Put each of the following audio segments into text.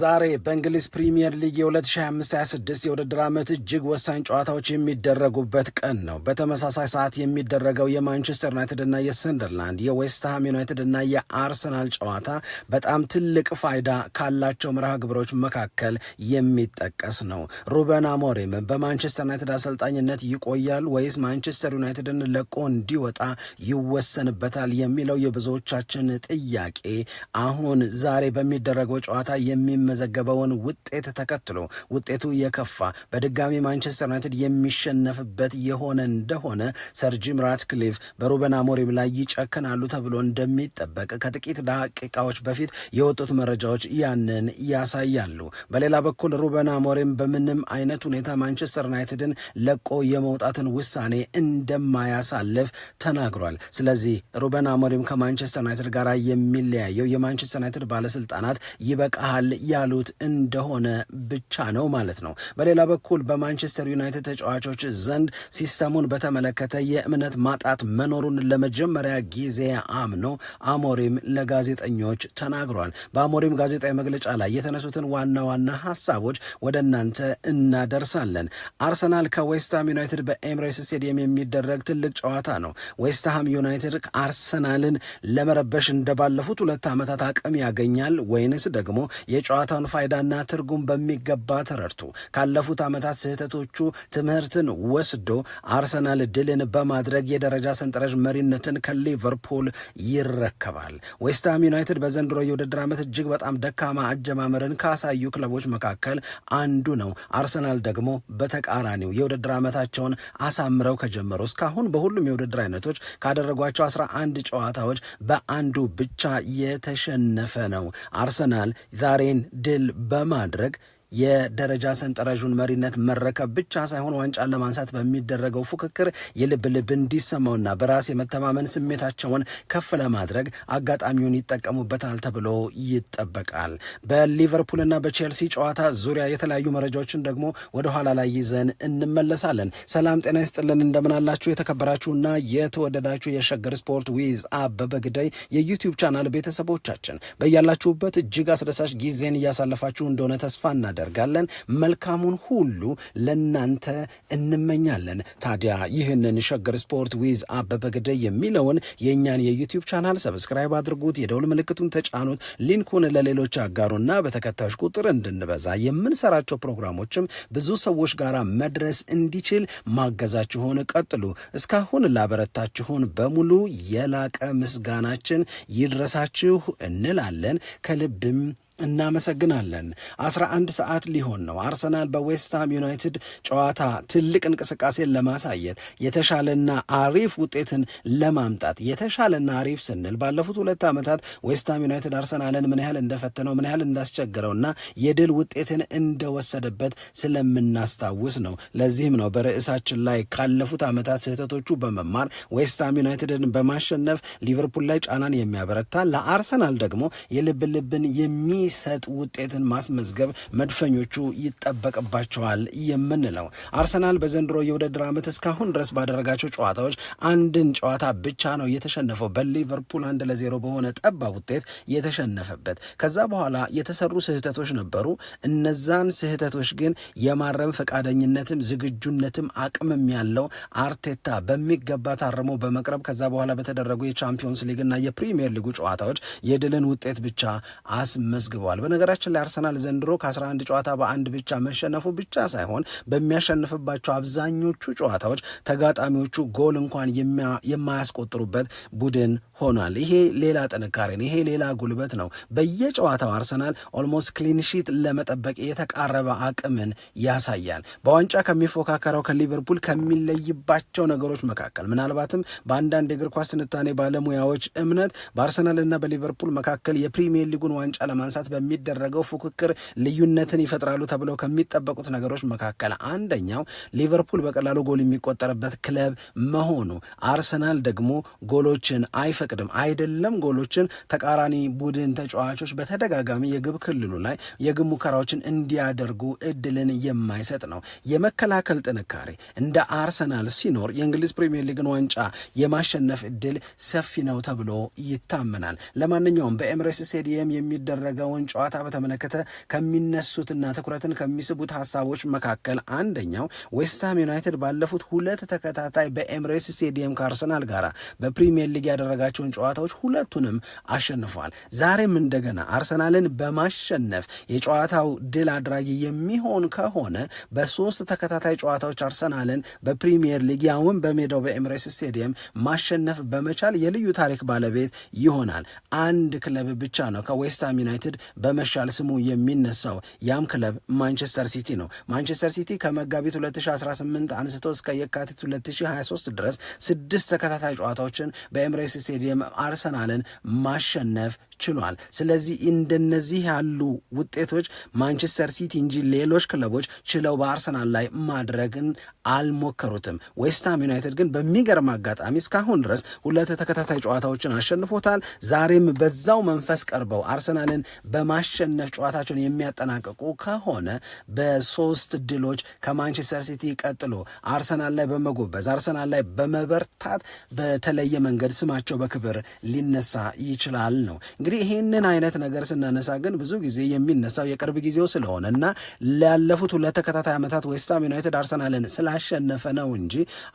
ዛሬ በእንግሊዝ ፕሪምየር ሊግ የ2025/26 የውድድር ዓመት እጅግ ወሳኝ ጨዋታዎች የሚደረጉበት ቀን ነው። በተመሳሳይ ሰዓት የሚደረገው የማንቸስተር ዩናይትድ እና የሰንደርላንድ፣ የዌስትሃም ዩናይትድ እና የአርሰናል ጨዋታ በጣም ትልቅ ፋይዳ ካላቸው መርሃ ግብሮች መካከል የሚጠቀስ ነው። ሩበን አሞሪም በማንቸስተር ዩናይትድ አሰልጣኝነት ይቆያል ወይስ ማንቸስተር ዩናይትድን ለቆ እንዲወጣ ይወሰንበታል የሚለው የብዙዎቻችን ጥያቄ አሁን ዛሬ በሚደረገው ጨዋታ የሚ የሚመዘገበውን ውጤት ተከትሎ ውጤቱ የከፋ በድጋሚ ማንቸስተር ዩናይትድ የሚሸነፍበት የሆነ እንደሆነ ሰር ጂም ራትክሊፍ በሩበን አሞሪም ላይ ይጨክናሉ ተብሎ እንደሚጠበቅ ከጥቂት ደቂቃዎች በፊት የወጡት መረጃዎች ያንን ያሳያሉ። በሌላ በኩል ሩበን አሞሪም በምንም አይነት ሁኔታ ማንቸስተር ዩናይትድን ለቆ የመውጣትን ውሳኔ እንደማያሳልፍ ተናግሯል። ስለዚህ ሩበን አሞሪም ከማንቸስተር ዩናይትድ ጋር የሚለያየው የማንቸስተር ዩናይትድ ባለስልጣናት ይበቃሃል ያሉት እንደሆነ ብቻ ነው ማለት ነው። በሌላ በኩል በማንቸስተር ዩናይትድ ተጫዋቾች ዘንድ ሲስተሙን በተመለከተ የእምነት ማጣት መኖሩን ለመጀመሪያ ጊዜ አምኖ አሞሪም ለጋዜጠኞች ተናግሯል። በአሞሪም ጋዜጣዊ መግለጫ ላይ የተነሱትን ዋና ዋና ሀሳቦች ወደ እናንተ እናደርሳለን። አርሰናል ከዌስትሃም ዩናይትድ በኤምሬስ ስቴዲየም የሚደረግ ትልቅ ጨዋታ ነው። ዌስትሃም ዩናይትድ አርሰናልን ለመረበሽ እንደባለፉት ሁለት ዓመታት አቅም ያገኛል ወይንስ ደግሞ የጨ የጨዋታውን ፋይዳና ትርጉም በሚገባ ተረድቶ ካለፉት ዓመታት ስህተቶቹ ትምህርትን ወስዶ አርሰናል ድልን በማድረግ የደረጃ ሰንጠረዥ መሪነትን ከሊቨርፑል ይረከባል። ዌስትሃም ዩናይትድ በዘንድሮ የውድድር ዓመት እጅግ በጣም ደካማ አጀማመርን ካሳዩ ክለቦች መካከል አንዱ ነው። አርሰናል ደግሞ በተቃራኒው የውድድር ዓመታቸውን አሳምረው ከጀመሩ እስካሁን በሁሉም የውድድር አይነቶች ካደረጓቸው አስራ አንድ ጨዋታዎች በአንዱ ብቻ የተሸነፈ ነው። አርሰናል ዛሬን ድል በማድረግ የደረጃ ሰንጠረዡን መሪነት መረከብ ብቻ ሳይሆን ዋንጫን ለማንሳት በሚደረገው ፉክክር የልብ ልብ እንዲሰማውና በራስ የመተማመን ስሜታቸውን ከፍ ለማድረግ አጋጣሚውን ይጠቀሙበታል ተብሎ ይጠበቃል። በሊቨርፑልና በቼልሲ ጨዋታ ዙሪያ የተለያዩ መረጃዎችን ደግሞ ወደ ኋላ ላይ ይዘን እንመለሳለን። ሰላም ጤና ይስጥልን፣ እንደምናላችሁ የተከበራችሁና የተወደዳችሁ የሸገር ስፖርት ዊዝ አበበ ግዳይ የዩቲዩብ ቻናል ቤተሰቦቻችን በያላችሁበት እጅግ አስደሳች ጊዜን እያሳለፋችሁ እንደሆነ ተስፋ እናደርጋለን፣ መልካሙን ሁሉ ለእናንተ እንመኛለን። ታዲያ ይህንን ሸገር ስፖርት ዊዝ አበበ ግደይ የሚለውን የእኛን የዩቲዩብ ቻናል ሰብስክራይብ አድርጉት፣ የደውል ምልክቱን ተጫኑት፣ ሊንኩን ለሌሎች አጋሩና በተከታዮች ቁጥር እንድንበዛ የምንሰራቸው ፕሮግራሞችም ብዙ ሰዎች ጋር መድረስ እንዲችል ማገዛችሁን ቀጥሉ። እስካሁን ላበረታችሁን በሙሉ የላቀ ምስጋናችን ይድረሳችሁ እንላለን ከልብም እናመሰግናለን። 11 ሰዓት ሊሆን ነው። አርሰናል በዌስትሃም ዩናይትድ ጨዋታ ትልቅ እንቅስቃሴን ለማሳየት የተሻለና አሪፍ ውጤትን ለማምጣት የተሻለና አሪፍ ስንል ባለፉት ሁለት ዓመታት ዌስትሃም ዩናይትድ አርሰናልን ምን ያህል እንደፈተነው ምን ያህል እንዳስቸገረውና የድል ውጤትን እንደወሰደበት ስለምናስታውስ ነው። ለዚህም ነው በርዕሳችን ላይ ካለፉት ዓመታት ስህተቶቹ በመማር ዌስትሃም ዩናይትድን በማሸነፍ ሊቨርፑል ላይ ጫናን የሚያበረታ ለአርሰናል ደግሞ የልብ ልብን የሚ የሚሰጥ ውጤትን ማስመዝገብ መድፈኞቹ ይጠበቅባቸዋል የምንለው አርሰናል በዘንድሮ የውድድር ዓመት እስካሁን ድረስ ባደረጋቸው ጨዋታዎች አንድን ጨዋታ ብቻ ነው የተሸነፈው። በሊቨርፑል አንድ ለዜሮ በሆነ ጠባብ ውጤት የተሸነፈበት። ከዛ በኋላ የተሰሩ ስህተቶች ነበሩ። እነዛን ስህተቶች ግን የማረም ፈቃደኝነትም ዝግጁነትም አቅምም ያለው አርቴታ በሚገባ ታርሞ በመቅረብ ከዛ በኋላ በተደረጉ የቻምፒዮንስ ሊግና የፕሪሚየር ሊጉ ጨዋታዎች የድልን ውጤት ብቻ አስመዝግ አስመዝግበዋል። በነገራችን ላይ አርሰናል ዘንድሮ ከ11 ጨዋታ በአንድ ብቻ መሸነፉ ብቻ ሳይሆን በሚያሸንፍባቸው አብዛኞቹ ጨዋታዎች ተጋጣሚዎቹ ጎል እንኳን የማያስቆጥሩበት ቡድን ሆኗል። ይሄ ሌላ ጥንካሬ ነው ይሄ ሌላ ጉልበት ነው። በየጨዋታው አርሰናል ኦልሞስት ክሊንሺት ለመጠበቅ የተቃረበ አቅምን ያሳያል። በዋንጫ ከሚፎካከረው ከሊቨርፑል ከሚለይባቸው ነገሮች መካከል ምናልባትም በአንዳንድ የእግር ኳስ ትንታኔ ባለሙያዎች እምነት በአርሰናልና በሊቨርፑል መካከል የፕሪሚየር ሊጉን ዋንጫ ለማንሳት ለመግዛት በሚደረገው ፉክክር ልዩነትን ይፈጥራሉ ተብለው ከሚጠበቁት ነገሮች መካከል አንደኛው ሊቨርፑል በቀላሉ ጎል የሚቆጠርበት ክለብ መሆኑ፣ አርሰናል ደግሞ ጎሎችን አይፈቅድም። አይደለም ጎሎችን ተቃራኒ ቡድን ተጫዋቾች በተደጋጋሚ የግብ ክልሉ ላይ የግብ ሙከራዎችን እንዲያደርጉ እድልን የማይሰጥ ነው። የመከላከል ጥንካሬ እንደ አርሰናል ሲኖር የእንግሊዝ ፕሪምየር ሊግን ዋንጫ የማሸነፍ እድል ሰፊ ነው ተብሎ ይታመናል። ለማንኛውም በኤምሬስ ስቴዲየም የሚደረገው የሚለውን ጨዋታ በተመለከተ ከሚነሱትና ትኩረትን ከሚስቡት ሀሳቦች መካከል አንደኛው ዌስትሃም ዩናይትድ ባለፉት ሁለት ተከታታይ በኤምሬስ ስቴዲየም ከአርሰናል ጋር በፕሪሚየር ሊግ ያደረጋቸውን ጨዋታዎች ሁለቱንም አሸንፏል። ዛሬም እንደገና አርሰናልን በማሸነፍ የጨዋታው ድል አድራጊ የሚሆን ከሆነ በሶስት ተከታታይ ጨዋታዎች አርሰናልን በፕሪሚየር ሊግ ያውን በሜዳው በኤምሬስ ስቴዲየም ማሸነፍ በመቻል የልዩ ታሪክ ባለቤት ይሆናል። አንድ ክለብ ብቻ ነው ከዌስትሃም ዩናይትድ በመሻል ስሙ የሚነሳው ያም ክለብ ማንቸስተር ሲቲ ነው። ማንቸስተር ሲቲ ከመጋቢት 2018 አንስቶ እስከ የካቲት 2023 ድረስ ስድስት ተከታታይ ጨዋታዎችን በኤምሬስ ስቴዲየም አርሰናልን ማሸነፍ ችሏል። ስለዚህ እንደነዚህ ያሉ ውጤቶች ማንቸስተር ሲቲ እንጂ ሌሎች ክለቦች ችለው በአርሰናል ላይ ማድረግን አልሞከሩትም። ዌስትሃም ዩናይትድ ግን በሚገርም አጋጣሚ እስካሁን ድረስ ሁለት ተከታታይ ጨዋታዎችን አሸንፎታል። ዛሬም በዛው መንፈስ ቀርበው አርሰናልን በማሸነፍ ጨዋታቸውን የሚያጠናቅቁ ከሆነ በሶስት ድሎች ከማንቸስተር ሲቲ ቀጥሎ አርሰናል ላይ በመጎበዝ አርሰናል ላይ በመበርታት በተለየ መንገድ ስማቸው በክብር ሊነሳ ይችላል ነው። እንግዲህ ይህንን አይነት ነገር ስናነሳ ግን ብዙ ጊዜ የሚነሳው የቅርብ ጊዜው ስለሆነ እና ላለፉት ሁለት ተከታታይ ዓመታት ዌስትሃም ዩናይትድ አርሰናልን ስላሸነፈ ነው እንጂ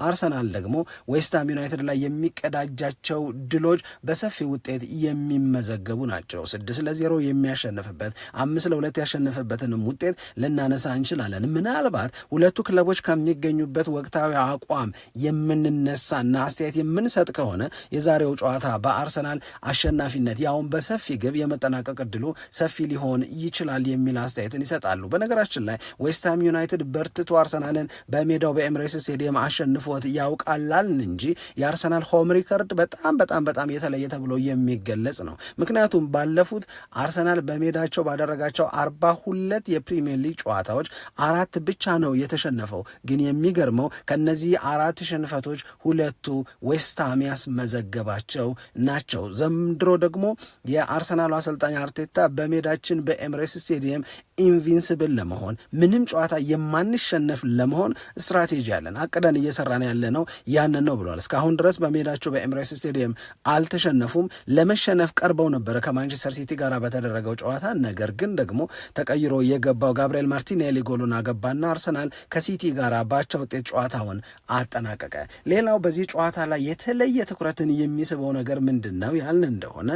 አርሰናል ደግሞ ዌስትሃም ዩናይትድ ላይ የሚቀዳጃቸው ድሎች በሰፊ ውጤት የሚመዘገቡ ናቸው። ስድስት ለዜሮ የሚ ያሸነፈበት አምስት ለሁለት ያሸነፈበትንም ውጤት ልናነሳ እንችላለን። ምናልባት ሁለቱ ክለቦች ከሚገኙበት ወቅታዊ አቋም የምንነሳና አስተያየት የምንሰጥ ከሆነ የዛሬው ጨዋታ በአርሰናል አሸናፊነት ያውን በሰፊ ግብ የመጠናቀቅ እድሉ ሰፊ ሊሆን ይችላል የሚል አስተያየትን ይሰጣሉ። በነገራችን ላይ ዌስትሃም ዩናይትድ በርትቶ አርሰናልን በሜዳው በኤምሬስ ስቴዲየም አሸንፎት ያውቃላልን እንጂ የአርሰናል ሆም ሪከርድ በጣም በጣም በጣም የተለየ ተብሎ የሚገለጽ ነው። ምክንያቱም ባለፉት አርሰናል አርሰናል በሜዳቸው ባደረጋቸው አርባ ሁለት የፕሪሚየር ሊግ ጨዋታዎች አራት ብቻ ነው የተሸነፈው። ግን የሚገርመው ከነዚህ አራት ሽንፈቶች ሁለቱ ዌስትሃም ያስመዘገባቸው ናቸው። ዘንድሮ ደግሞ የአርሰናሉ አሰልጣኝ አርቴታ በሜዳችን በኤምሬስ ስቴዲየም ኢንቪንስብል ለመሆን ምንም ጨዋታ የማንሸነፍ ለመሆን ስትራቴጂ ያለን አቅደን እየሰራን ያለ ነው ያንን ነው ብለዋል። እስካሁን ድረስ በሜዳቸው በኤምሬስ ስቴዲየም አልተሸነፉም። ለመሸነፍ ቀርበው ነበረ ከማንቸስተር ሲቲ ጋር በተደረገው ጨዋታ። ነገር ግን ደግሞ ተቀይሮ የገባው ጋብርኤል ማርቲኔሊ ጎሉን አገባና አርሰናል ከሲቲ ጋር ባቻ ውጤት ጨዋታውን አጠናቀቀ። ሌላው በዚህ ጨዋታ ላይ የተለየ ትኩረትን የሚስበው ነገር ምንድን ነው ያልን እንደሆነ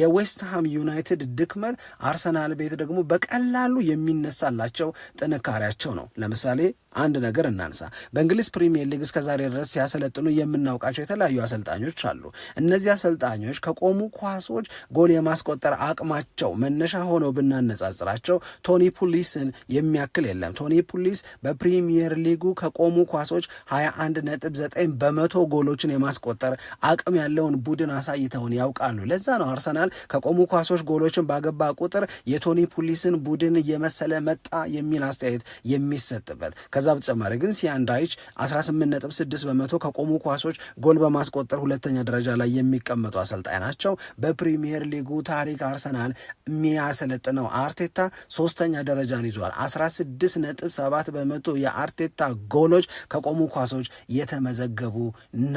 የዌስትሃም ዩናይትድ ድክመት አርሰናል ቤት ደግሞ በቀላሉ የሚነሳላቸው ጥንካሬያቸው ነው። ለምሳሌ አንድ ነገር እናንሳ። በእንግሊዝ ፕሪሚየር ሊግ እስከ ዛሬ ድረስ ሲያሰለጥኑ የምናውቃቸው የተለያዩ አሰልጣኞች አሉ። እነዚህ አሰልጣኞች ከቆሙ ኳሶች ጎል የማስቆጠር አቅማቸው መነሻ ሆነው ብናነጻጽራቸው ቶኒ ፑሊስን የሚያክል የለም። ቶኒ ፑሊስ በፕሪሚየር ሊጉ ከቆሙ ኳሶች 21.9 በመቶ ጎሎችን የማስቆጠር አቅም ያለውን ቡድን አሳይተውን ያውቃሉ። ለዛ ነው አርሰናል ከቆሙ ኳሶች ጎሎችን ባገባ ቁጥር የቶኒ ፑሊስን ቡድን እየመሰለ መጣ የሚል አስተያየት የሚሰጥበት ከዛ በተጨማሪ ግን ሲያንዳይች 18.6 በመቶ ከቆሙ ኳሶች ጎል በማስቆጠር ሁለተኛ ደረጃ ላይ የሚቀመጡ አሰልጣኝ ናቸው። በፕሪሚየር ሊጉ ታሪክ አርሰናል የሚያሰለጥነው አርቴታ ሶስተኛ ደረጃን ይዟል። 16.7 በመቶ የአርቴታ ጎሎች ከቆሙ ኳሶች የተመዘገቡ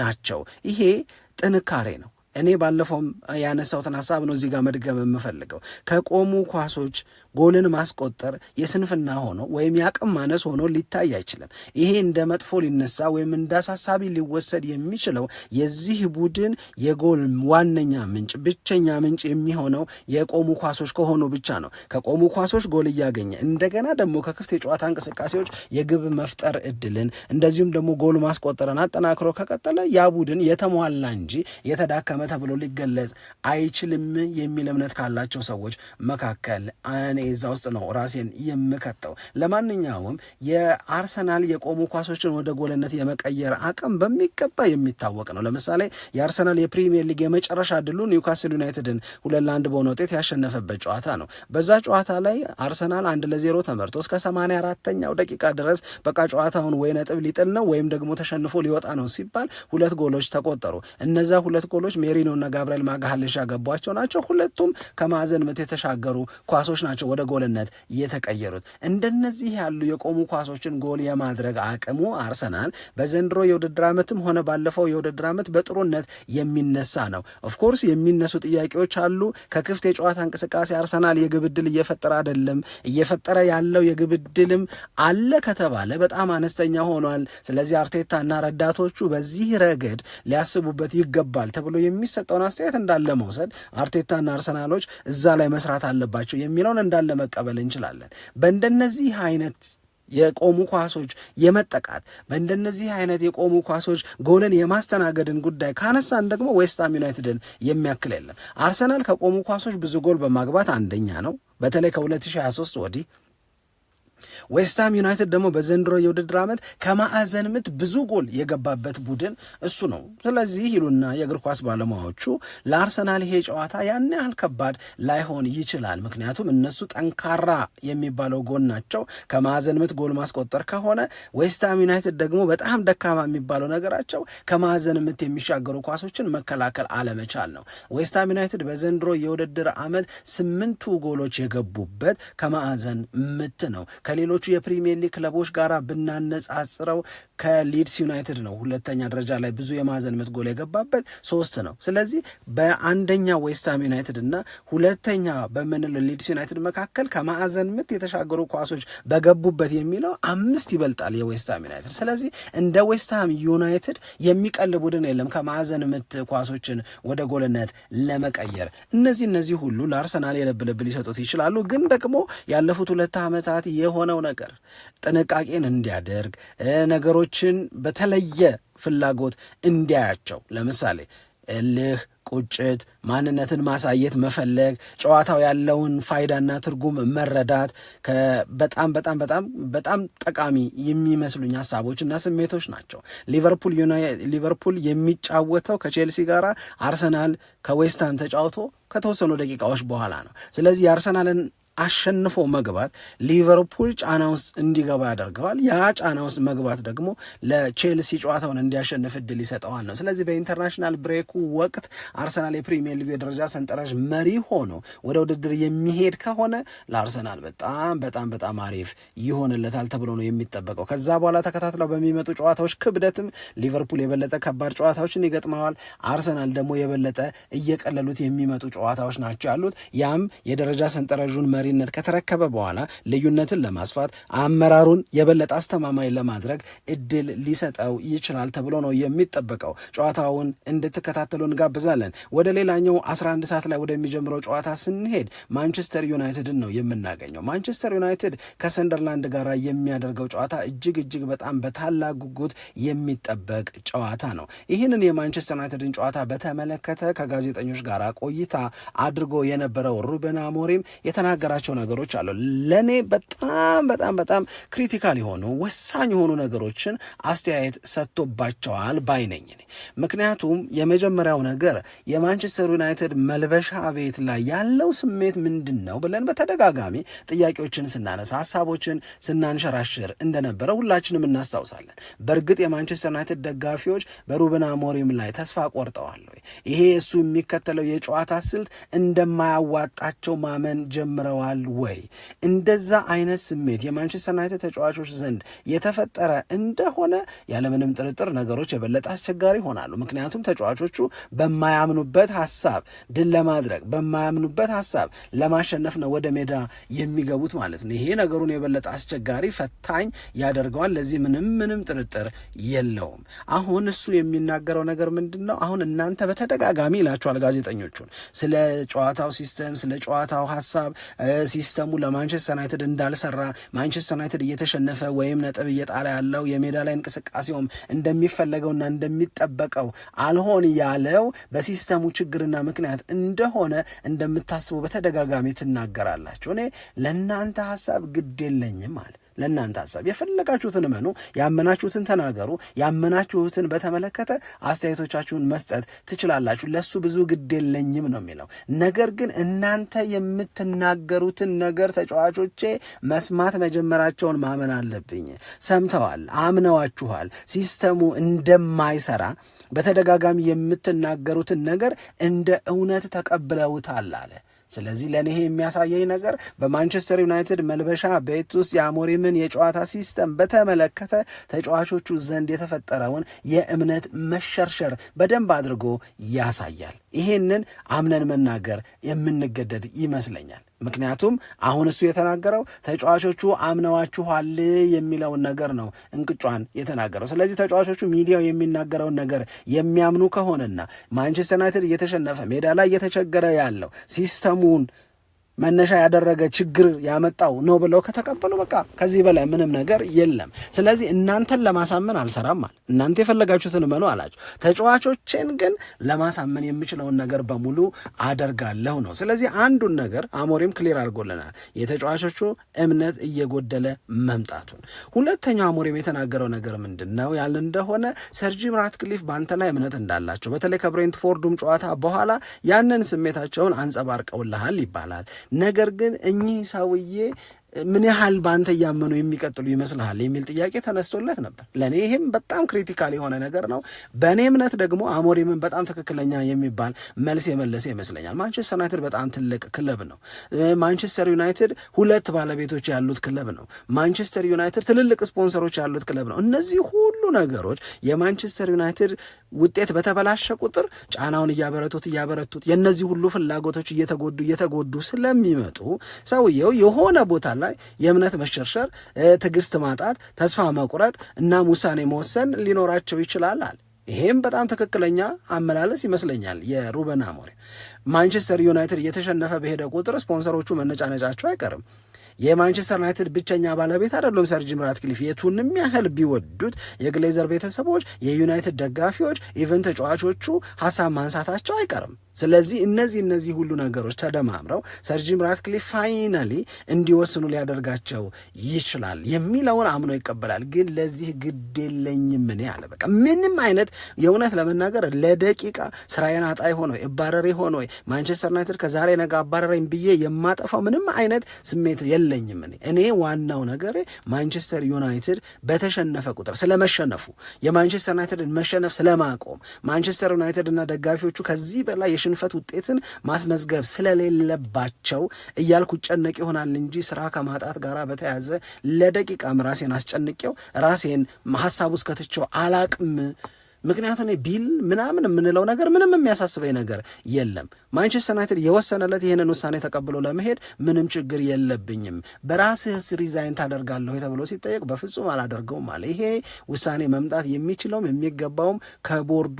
ናቸው። ይሄ ጥንካሬ ነው። እኔ ባለፈውም ያነሳሁትን ሀሳብ ነው እዚህ ጋር መድገም የምፈልገው ከቆሙ ኳሶች ጎልን ማስቆጠር የስንፍና ሆኖ ወይም የአቅም ማነስ ሆኖ ሊታይ አይችልም። ይሄ እንደ መጥፎ ሊነሳ ወይም እንደ አሳሳቢ ሊወሰድ የሚችለው የዚህ ቡድን የጎል ዋነኛ ምንጭ፣ ብቸኛ ምንጭ የሚሆነው የቆሙ ኳሶች ከሆኑ ብቻ ነው። ከቆሙ ኳሶች ጎል እያገኘ እንደገና ደግሞ ከክፍት የጨዋታ እንቅስቃሴዎች የግብ መፍጠር እድልን እንደዚሁም ደግሞ ጎል ማስቆጠርን አጠናክሮ ከቀጠለ ያ ቡድን የተሟላ እንጂ የተዳከመ ተብሎ ሊገለጽ አይችልም የሚል እምነት ካላቸው ሰዎች መካከል እኔ እዛ ውስጥ ነው ራሴን የምከተው። ለማንኛውም የአርሰናል የቆሙ ኳሶችን ወደ ጎልነት የመቀየር አቅም በሚገባ የሚታወቅ ነው። ለምሳሌ የአርሰናል የፕሪሚየር ሊግ የመጨረሻ ድሉ ኒውካስል ዩናይትድን ሁለት ለአንድ በሆነ ውጤት ያሸነፈበት ጨዋታ ነው። በዛ ጨዋታ ላይ አርሰናል አንድ ለዜሮ ተመርቶ እስከ ሰማንያ አራተኛው ደቂቃ ድረስ በቃ ጨዋታውን ወይ ነጥብ ሊጥል ነው ወይም ደግሞ ተሸንፎ ሊወጣ ነው ሲባል ሁለት ጎሎች ተቆጠሩ። እነዛ ሁለት ጎሎች ሜሪኖና ጋብርኤል ማጋሃልሽ ያገቧቸው ናቸው። ሁለቱም ከማዕዘን ምት የተሻገሩ ኳሶች ናቸው። ወደ ጎልነት የተቀየሩት። እንደነዚህ ያሉ የቆሙ ኳሶችን ጎል የማድረግ አቅሙ አርሰናል በዘንድሮ የውድድር ዓመትም ሆነ ባለፈው የውድድር ዓመት በጥሩነት የሚነሳ ነው። ኦፍኮርስ የሚነሱ ጥያቄዎች አሉ። ከክፍት የጨዋታ እንቅስቃሴ አርሰናል የግብ ዕድል እየፈጠረ አይደለም። እየፈጠረ ያለው የግብ ዕድልም አለ ከተባለ በጣም አነስተኛ ሆኗል። ስለዚህ አርቴታ እና ረዳቶቹ በዚህ ረገድ ሊያስቡበት ይገባል ተብሎ የሚሰጠውን አስተያየት እንዳለ መውሰድ አርቴታና አርሰናሎች እዛ ላይ መስራት አለባቸው የሚለውን እንዳለ መቀበል እንችላለን። በእንደነዚህ አይነት የቆሙ ኳሶች የመጠቃት በእንደነዚህ አይነት የቆሙ ኳሶች ጎልን የማስተናገድን ጉዳይ ካነሳን ደግሞ ዌስትሃም ዩናይትድን የሚያክል የለም። አርሰናል ከቆሙ ኳሶች ብዙ ጎል በማግባት አንደኛ ነው። በተለይ ከ2023 ወዲህ ዌስትሃም ዩናይትድ ደግሞ በዘንድሮ የውድድር ዓመት ከማዕዘን ምት ብዙ ጎል የገባበት ቡድን እሱ ነው። ስለዚህ ይሉና የእግር ኳስ ባለሙያዎቹ ለአርሰናል ይሄ ጨዋታ ያን ያህል ከባድ ላይሆን ይችላል። ምክንያቱም እነሱ ጠንካራ የሚባለው ጎን ናቸው። ከማዕዘን ምት ጎል ማስቆጠር ከሆነ ዌስትሃም ዩናይትድ ደግሞ በጣም ደካማ የሚባለው ነገራቸው ከማዕዘን ምት የሚሻገሩ ኳሶችን መከላከል አለመቻል ነው። ዌስትሃም ዩናይትድ በዘንድሮ የውድድር ዓመት ስምንቱ ጎሎች የገቡበት ከማዕዘን ምት ነው። ከሌሎቹ የፕሪሚየር ሊግ ክለቦች ጋር ብናነጻጽረው ከሊድስ ዩናይትድ ነው ሁለተኛ ደረጃ ላይ ብዙ የማዕዘን ምት ጎል የገባበት ሶስት ነው። ስለዚህ በአንደኛ ዌስትሃም ዩናይትድ እና ሁለተኛ በምንለው ሊድስ ዩናይትድ መካከል ከማዕዘን ምት የተሻገሩ ኳሶች በገቡበት የሚለው አምስት ይበልጣል የዌስትሃም ዩናይትድ። ስለዚህ እንደ ዌስትሃም ዩናይትድ የሚቀል ቡድን የለም ከማዕዘን ምት ኳሶችን ወደ ጎልነት ለመቀየር። እነዚህ እነዚህ ሁሉ ለአርሰናል የለብልብ ሊሰጡት ይችላሉ፣ ግን ደግሞ ያለፉት ሁለት ዓመታት የሆነ የሚሆነው ነገር ጥንቃቄን እንዲያደርግ ነገሮችን በተለየ ፍላጎት እንዲያያቸው ለምሳሌ እልህ ቁጭት፣ ማንነትን ማሳየት መፈለግ፣ ጨዋታው ያለውን ፋይዳና ትርጉም መረዳት በጣም በጣም በጣም በጣም ጠቃሚ የሚመስሉኝ ሀሳቦች እና ስሜቶች ናቸው። ሊቨርፑል የሚጫወተው ከቼልሲ ጋር አርሰናል ከዌስትሃም ተጫውቶ ከተወሰኑ ደቂቃዎች በኋላ ነው። ስለዚህ የአርሰናልን አሸንፎ መግባት ሊቨርፑል ጫና ውስጥ እንዲገባ ያደርገዋል። ያ ጫና ውስጥ መግባት ደግሞ ለቼልሲ ጨዋታውን እንዲያሸንፍ እድል ይሰጠዋል ነው። ስለዚህ በኢንተርናሽናል ብሬኩ ወቅት አርሰናል የፕሪሚየር ሊግ የደረጃ ሰንጠረዥ መሪ ሆኖ ወደ ውድድር የሚሄድ ከሆነ ለአርሰናል በጣም በጣም በጣም አሪፍ ይሆንለታል ተብሎ ነው የሚጠበቀው። ከዛ በኋላ ተከታትለው በሚመጡ ጨዋታዎች ክብደትም ሊቨርፑል የበለጠ ከባድ ጨዋታዎችን ይገጥመዋል። አርሰናል ደግሞ የበለጠ እየቀለሉት የሚመጡ ጨዋታዎች ናቸው ያሉት። ያም የደረጃ ሰንጠረዡን መሪነት ከተረከበ በኋላ ልዩነትን ለማስፋት አመራሩን የበለጠ አስተማማኝ ለማድረግ እድል ሊሰጠው ይችላል ተብሎ ነው የሚጠበቀው። ጨዋታውን እንድትከታተሉ እንጋብዛለን። ወደ ሌላኛው 11 ሰዓት ላይ ወደሚጀምረው ጨዋታ ስንሄድ ማንቸስተር ዩናይትድን ነው የምናገኘው። ማንቸስተር ዩናይትድ ከሰንደርላንድ ጋር የሚያደርገው ጨዋታ እጅግ እጅግ በጣም በታላቅ ጉጉት የሚጠበቅ ጨዋታ ነው። ይህንን የማንቸስተር ዩናይትድን ጨዋታ በተመለከተ ከጋዜጠኞች ጋር ቆይታ አድርጎ የነበረው ሩበን አሞሪም የተናገረ የምናገራቸው ነገሮች አሉ። ለእኔ በጣም በጣም በጣም ክሪቲካል የሆኑ ወሳኝ የሆኑ ነገሮችን አስተያየት ሰጥቶባቸዋል ባይ ነኝ። ምክንያቱም የመጀመሪያው ነገር የማንቸስተር ዩናይትድ መልበሻ ቤት ላይ ያለው ስሜት ምንድን ነው ብለን በተደጋጋሚ ጥያቄዎችን ስናነሳ ሀሳቦችን ስናንሸራሽር እንደነበረ ሁላችንም እናስታውሳለን። በእርግጥ የማንቸስተር ዩናይትድ ደጋፊዎች በሩበን አሞሪም ላይ ተስፋ ቆርጠዋል ወይ ይሄ እሱ የሚከተለው የጨዋታ ስልት እንደማያዋጣቸው ማመን ጀምረዋል ይገባዋል ወይ? እንደዛ አይነት ስሜት የማንቸስተር ዩናይትድ ተጫዋቾች ዘንድ የተፈጠረ እንደሆነ ያለምንም ጥርጥር ነገሮች የበለጠ አስቸጋሪ ይሆናሉ። ምክንያቱም ተጫዋቾቹ በማያምኑበት ሀሳብ ድል ለማድረግ በማያምኑበት ሀሳብ ለማሸነፍ ነው ወደ ሜዳ የሚገቡት ማለት ነው። ይሄ ነገሩን የበለጠ አስቸጋሪ ፈታኝ ያደርገዋል። ለዚህ ምንም ምንም ጥርጥር የለውም። አሁን እሱ የሚናገረው ነገር ምንድን ነው? አሁን እናንተ በተደጋጋሚ ይላቸዋል ጋዜጠኞቹን ስለ ጨዋታው ሲስተም፣ ስለ ጨዋታው ሀሳብ፣ ሲስተሙ ለማንቸስተር ዩናይትድ እንዳልሰራ ማንቸስተር ዩናይትድ እየተሸነፈ ወይም ነጥብ እየጣለ ያለው የሜዳ ላይ እንቅስቃሴውም እንደሚፈለገውና እንደሚጠበቀው አልሆን ያለው በሲስተሙ ችግርና ምክንያት እንደሆነ እንደምታስቡ በተደጋጋሚ ትናገራላችሁ። እኔ ለእናንተ ሀሳብ ግድ የለኝም አለ። ለእናንተ ሀሳብ የፈለጋችሁትን መኑ፣ ያመናችሁትን ተናገሩ። ያመናችሁትን በተመለከተ አስተያየቶቻችሁን መስጠት ትችላላችሁ። ለሱ ብዙ ግድ የለኝም ነው የሚለው ነገር ግን እናንተ የምትናገሩትን ነገር ተጫዋቾቼ መስማት መጀመራቸውን ማመን አለብኝ። ሰምተዋል፣ አምነዋችኋል። ሲስተሙ እንደማይሰራ በተደጋጋሚ የምትናገሩትን ነገር እንደ እውነት ተቀብለውታል አለ። ስለዚህ ለእኔ የሚያሳየኝ ነገር በማንቸስተር ዩናይትድ መልበሻ ቤት ውስጥ የአሞሪምን የጨዋታ ሲስተም በተመለከተ ተጫዋቾቹ ዘንድ የተፈጠረውን የእምነት መሸርሸር በደንብ አድርጎ ያሳያል። ይሄንን አምነን መናገር የምንገደድ ይመስለኛል። ምክንያቱም አሁን እሱ የተናገረው ተጫዋቾቹ አምነዋችኋል የሚለውን ነገር ነው እንቅጯን የተናገረው። ስለዚህ ተጫዋቾቹ ሚዲያው የሚናገረውን ነገር የሚያምኑ ከሆነና ማንቸስተር ዩናይትድ እየተሸነፈ ሜዳ ላይ እየተቸገረ ያለው ሲስተሙን መነሻ ያደረገ ችግር ያመጣው ነው ብለው ከተቀበሉ በቃ ከዚህ በላይ ምንም ነገር የለም። ስለዚህ እናንተን ለማሳመን አልሰራም አለ። እናንተ የፈለጋችሁትን መኑ አላችሁ ተጫዋቾችን ግን ለማሳመን የምችለውን ነገር በሙሉ አደርጋለሁ ነው። ስለዚህ አንዱን ነገር አሞሪም ክሊር አድርጎልናል፣ የተጫዋቾቹ እምነት እየጎደለ መምጣቱን። ሁለተኛው አሞሪም የተናገረው ነገር ምንድን ነው ያለ እንደሆነ ሰር ጂም ራትክሊፍ በአንተ ላይ እምነት እንዳላቸው በተለይ ከብሬንትፎርዱም ጨዋታ በኋላ ያንን ስሜታቸውን አንጸባርቀውልሃል ይባላል። ነገር ግን እኚህ ሰውዬ ምን ያህል በአንተ እያመኑ የሚቀጥሉ ይመስልሃል የሚል ጥያቄ ተነስቶለት ነበር። ለእኔ ይህም በጣም ክሪቲካል የሆነ ነገር ነው። በእኔ እምነት ደግሞ አሞሪምን በጣም ትክክለኛ የሚባል መልስ የመለሰ ይመስለኛል። ማንቸስተር ዩናይትድ በጣም ትልቅ ክለብ ነው። ማንቸስተር ዩናይትድ ሁለት ባለቤቶች ያሉት ክለብ ነው። ማንቸስተር ዩናይትድ ትልልቅ ስፖንሰሮች ያሉት ክለብ ነው። እነዚህ ሁሉ ነገሮች የማንቸስተር ዩናይትድ ውጤት በተበላሸ ቁጥር ጫናውን እያበረቱት እያበረቱት የእነዚህ ሁሉ ፍላጎቶች እየተጎዱ እየተጎዱ ስለሚመጡ ሰውየው የሆነ ቦታ ላይ የእምነት መሸርሸር፣ ትዕግስት ማጣት፣ ተስፋ መቁረጥ እናም ውሳኔ መወሰን ሊኖራቸው ይችላል አለ። ይሄም በጣም ትክክለኛ አመላለስ ይመስለኛል። የሩበን አሞሪም ማንቸስተር ዩናይትድ እየተሸነፈ በሄደ ቁጥር ስፖንሰሮቹ መነጫነጫቸው አይቀርም። የማንቸስተር ዩናይትድ ብቸኛ ባለቤት አይደለም ሰር ጂም ራትክሊፍ። የቱንም ያህል ቢወዱት የግሌዘር ቤተሰቦች፣ የዩናይትድ ደጋፊዎች፣ ኢቨን ተጫዋቾቹ ሀሳብ ማንሳታቸው አይቀርም። ስለዚህ እነዚህ እነዚህ ሁሉ ነገሮች ተደማምረው ሰር ጂም ራትክሊፍ ፋይናሊ እንዲወስኑ ሊያደርጋቸው ይችላል የሚለውን አምኖ ይቀበላል። ግን ለዚህ የለኝም እኔ አለ በቃ ምንም አይነት የእውነት ለመናገር ለደቂቃ ስራዬን አጣይ ሆኖ እባረር ማንቸስተር ዩናይትድ ከዛሬ ነገ አባረረኝ ብዬ የማጠፋው ምንም አይነት ስሜት የለኝም እኔ እኔ ዋናው ነገር ማንቸስተር ዩናይትድ በተሸነፈ ቁጥር ስለመሸነፉ የማንቸስተር ዩናይትድን መሸነፍ ስለማቆም ማንቸስተር ዩናይትድ እና ደጋፊዎቹ ከዚህ በላይ የሽንፈት ውጤትን ማስመዝገብ ስለሌለባቸው እያልኩ ጨነቅ ይሆናል እንጂ ስራ ከማጣት ጋር በተያዘ ለደቂቃም ራሴን አስጨንቄው ራሴን ሀሳብ ውስጥ ከትቼው አላቅም። ምክንያቱ ቢል ምናምን የምንለው ነገር ምንም የሚያሳስበኝ ነገር የለም። ማንቸስተር ዩናይትድ የወሰነለት ይህንን ውሳኔ ተቀብሎ ለመሄድ ምንም ችግር የለብኝም። በራስህስ ሪዛይን ታደርጋለሁ ተብሎ ሲጠየቅ በፍጹም አላደርገውም አለ። ይሄ ውሳኔ መምጣት የሚችለውም የሚገባውም ከቦርዱ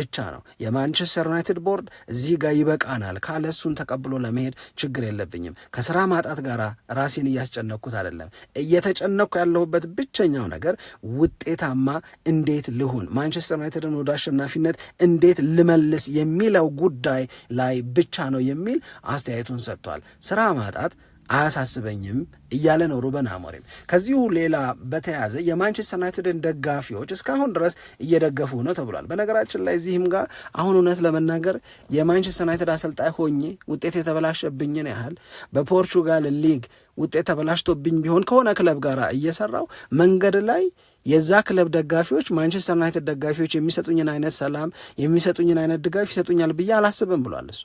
ብቻ ነው። የማንቸስተር ዩናይትድ ቦርድ እዚህ ጋር ይበቃናል ካለ እሱን ተቀብሎ ለመሄድ ችግር የለብኝም። ከስራ ማጣት ጋር ራሴን እያስጨነኩት አይደለም። እየተጨነኩ ያለሁበት ብቸኛው ነገር ውጤታማ እንዴት ልሁን ማንቸስተር ዩናይትድን ወደ አሸናፊነት እንዴት ልመልስ የሚለው ጉዳይ ላይ ብቻ ነው የሚል አስተያየቱን ሰጥቷል። ስራ ማጣት አያሳስበኝም እያለ ነው ሩበን አሞሪም። ከዚሁ ሌላ በተያያዘ የማንቸስተር ዩናይትድን ደጋፊዎች እስካሁን ድረስ እየደገፉ ነው ተብሏል። በነገራችን ላይ እዚህም ጋር አሁን እውነት ለመናገር የማንቸስተር ዩናይትድ አሰልጣኝ ሆኜ ውጤት የተበላሸብኝን ያህል በፖርቹጋል ሊግ ውጤት ተበላሽቶብኝ ቢሆን ከሆነ ክለብ ጋር እየሰራው መንገድ ላይ የዛ ክለብ ደጋፊዎች ማንቸስተር ዩናይትድ ደጋፊዎች የሚሰጡኝን አይነት ሰላም የሚሰጡኝን አይነት ድጋፍ ይሰጡኛል ብዬ አላስብም ብሏል። እሱ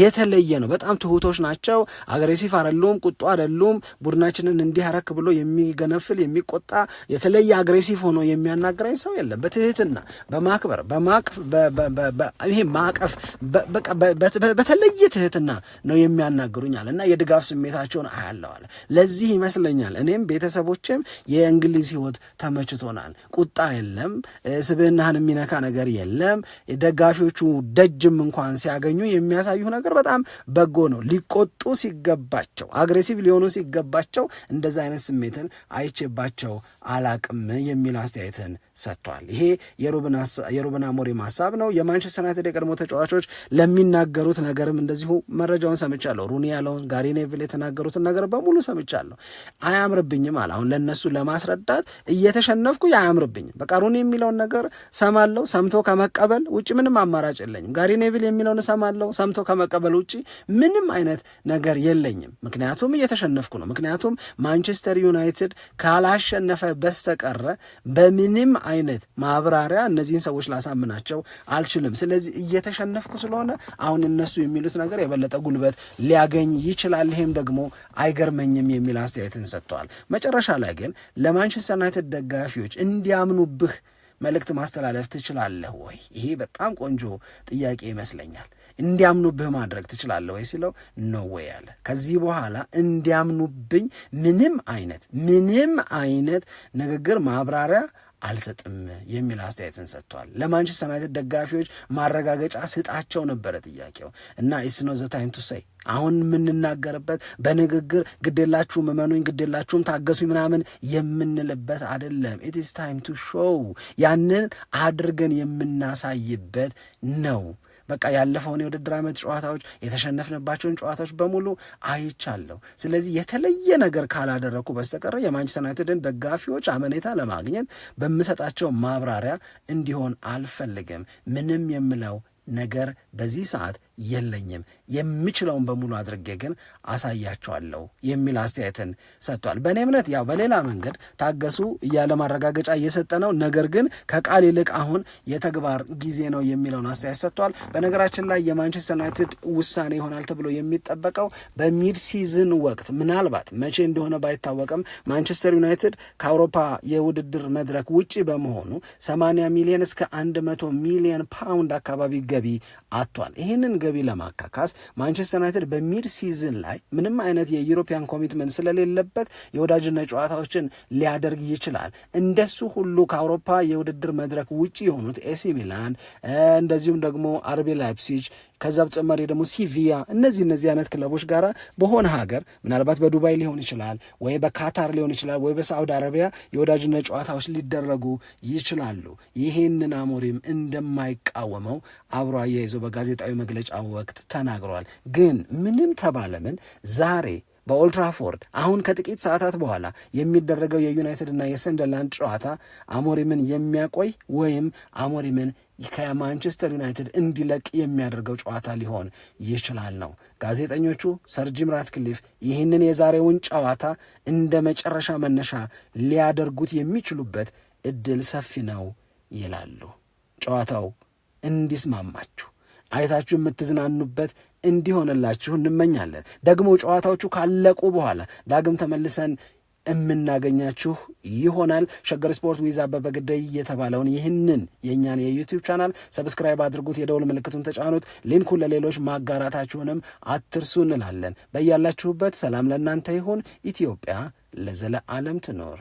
የተለየ ነው። በጣም ትሁቶች ናቸው። አግሬሲቭ አይደሉም፣ ቁጡ አይደሉም። ቡድናችንን እንዲያረክ ብሎ የሚገነፍል የሚቆጣ የተለየ አግሬሲቭ ሆኖ የሚያናግረኝ ሰው የለም። በትህትና በማክበር ይሄ ማቀፍ በተለየ ትህትና ነው የሚያናግሩኛል እና የድጋፍ ስሜታቸውን አያለዋል። ለዚህ ይመስለኛል እኔም ቤተሰቦችም የእንግሊዝ ህይወት ተመችቶናል። ቁጣ የለም፣ ስብዕናህን የሚነካ ነገር የለም። ደጋፊዎቹ ደጅም እንኳን ሲያገኙ የሚያሳዩ ነገር በጣም በጎ ነው። ሊቆጡ ሲገባቸው፣ አግሬሲቭ ሊሆኑ ሲገባቸው እንደዚ አይነት ስሜትን አይቼባቸው አላቅም የሚል አስተያየትን ሰጥቷል። ይሄ የሩበን አሞሪም ሀሳብ ነው። የማንቸስተር ዩናይትድ የቀድሞ ተጫዋቾች ለሚናገሩት ነገርም እንደዚሁ መረጃውን ሰምቻለሁ። ሩኒ ያለውን ጋሪ ኔቪል የተናገሩትን ነገር በሙሉ ሰምቻለሁ። አያምርብኝም አለ። አሁን ለእነሱ ለማስረዳት እየተሸነፍኩ አያምርብኝም። በቃ የሚለውን ነገር ሰማለው ሰምቶ ከመቀበል ውጭ ምንም አማራጭ የለኝም። ጋሪ ኔቪል የሚለውን ሰማለው። ሰምቶ ከመቀበል ውጭ ምንም አይነት ነገር የለኝም። ምክንያቱም እየተሸነፍኩ ነው። ምክንያቱም ማንቸስተር ዩናይትድ ካላሸነፈ በስተቀረ በምንም አይነት ማብራሪያ እነዚህን ሰዎች ላሳምናቸው አልችልም። ስለዚህ እየተሸነፍኩ ስለሆነ አሁን እነሱ የሚሉት ነገር የበለጠ ጉልበት ሊያገኝ ይችላል። ይሄም ደግሞ አይገርመኝ አልገባኝም የሚል አስተያየትን ሰጥተዋል። መጨረሻ ላይ ግን ለማንቸስተር ዩናይትድ ደጋፊዎች እንዲያምኑብህ መልእክት ማስተላለፍ ትችላለህ ወይ? ይሄ በጣም ቆንጆ ጥያቄ ይመስለኛል። እንዲያምኑብህ ማድረግ ትችላለህ ወይ ሲለው ነው ወይ አለ። ከዚህ በኋላ እንዲያምኑብኝ ምንም አይነት ምንም አይነት ንግግር ማብራሪያ አልሰጥም የሚል አስተያየትን ሰጥቷል። ለማንቸስተር ዩናይትድ ደጋፊዎች ማረጋገጫ ስጣቸው ነበረ ጥያቄው እና ኢስኖ ዘ ታይም ቱ ሰይ አሁን የምንናገርበት በንግግር ግዴላችሁም እመኑኝ፣ ግዴላችሁም ታገሱኝ ምናምን የምንልበት አይደለም። ኢትስ ታይም ቱ ሾው ያንን አድርገን የምናሳይበት ነው። በቃ ያለፈውን የውድድር ዓመት ጨዋታዎች የተሸነፍንባቸውን ጨዋታዎች በሙሉ አይቻለሁ። ስለዚህ የተለየ ነገር ካላደረግኩ በስተቀረ የማንቸስተር ዩናይትድን ደጋፊዎች አመኔታ ለማግኘት በምሰጣቸው ማብራሪያ እንዲሆን አልፈልግም። ምንም የምለው ነገር በዚህ ሰዓት የለኝም፣ የምችለውን በሙሉ አድርጌ ግን አሳያቸዋለሁ የሚል አስተያየትን ሰጥቷል። በእኔ እምነት ያው በሌላ መንገድ ታገሱ እያለ ማረጋገጫ እየሰጠ ነው። ነገር ግን ከቃል ይልቅ አሁን የተግባር ጊዜ ነው የሚለውን አስተያየት ሰጥቷል። በነገራችን ላይ የማንቸስተር ዩናይትድ ውሳኔ ይሆናል ተብሎ የሚጠበቀው በሚድ ሲዝን ወቅት ምናልባት መቼ እንደሆነ ባይታወቅም ማንቸስተር ዩናይትድ ከአውሮፓ የውድድር መድረክ ውጪ በመሆኑ 80 ሚሊዮን እስከ 100 ሚሊዮን ፓውንድ አካባቢ ገቢ አጥቷል። ይህንን ገቢ ለማካካስ ማንቸስተር ዩናይትድ በሚድ ሲዝን ላይ ምንም አይነት የዩሮፒያን ኮሚትመንት ስለሌለበት የወዳጅነት ጨዋታዎችን ሊያደርግ ይችላል። እንደሱ ሁሉ ከአውሮፓ የውድድር መድረክ ውጭ የሆኑት ኤሲ ሚላን እንደዚሁም ደግሞ አርቢ ላይፕሲጅ ከዛ በተጨማሪ ደግሞ ሲቪያ እነዚህ እነዚህ አይነት ክለቦች ጋር በሆነ ሀገር ምናልባት በዱባይ ሊሆን ይችላል ወይ በካታር ሊሆን ይችላል ወይ በሳዑዲ አረቢያ የወዳጅነት ጨዋታዎች ሊደረጉ ይችላሉ። ይህንን አሞሪም እንደማይቃወመው አብሮ አያይዞ በጋዜጣዊ መግለጫ ወቅት ተናግሯል። ግን ምንም ተባለምን ዛሬ በኦልትራፎርድ አሁን ከጥቂት ሰዓታት በኋላ የሚደረገው እና የሰንደርላንድ ጨዋታ አሞሪምን የሚያቆይ ወይም አሞሪምን ከማንቸስተር ዩናይትድ እንዲለቅ የሚያደርገው ጨዋታ ሊሆን ይችላል ነው። ጋዜጠኞቹ ሰር ጂም ራትክሊፍ ይህንን የዛሬውን ጨዋታ እንደ መጨረሻ መነሻ ሊያደርጉት የሚችሉበት እድል ሰፊ ነው ይላሉ። ጨዋታው እንዲስማማችሁ አይታችሁ የምትዝናኑበት እንዲሆንላችሁ እንመኛለን። ደግሞ ጨዋታዎቹ ካለቁ በኋላ ዳግም ተመልሰን የምናገኛችሁ ይሆናል። ሸገር ስፖርት ዊዝ አበበ ግደይ የተባለውን ይህንን የእኛን የዩቲዩብ ቻናል ሰብስክራይብ አድርጉት፣ የደውል ምልክቱን ተጫኑት፣ ሊንኩን ለሌሎች ማጋራታችሁንም አትርሱ እንላለን። በያላችሁበት ሰላም ለእናንተ ይሁን። ኢትዮጵያ ለዘለዓለም ትኖር።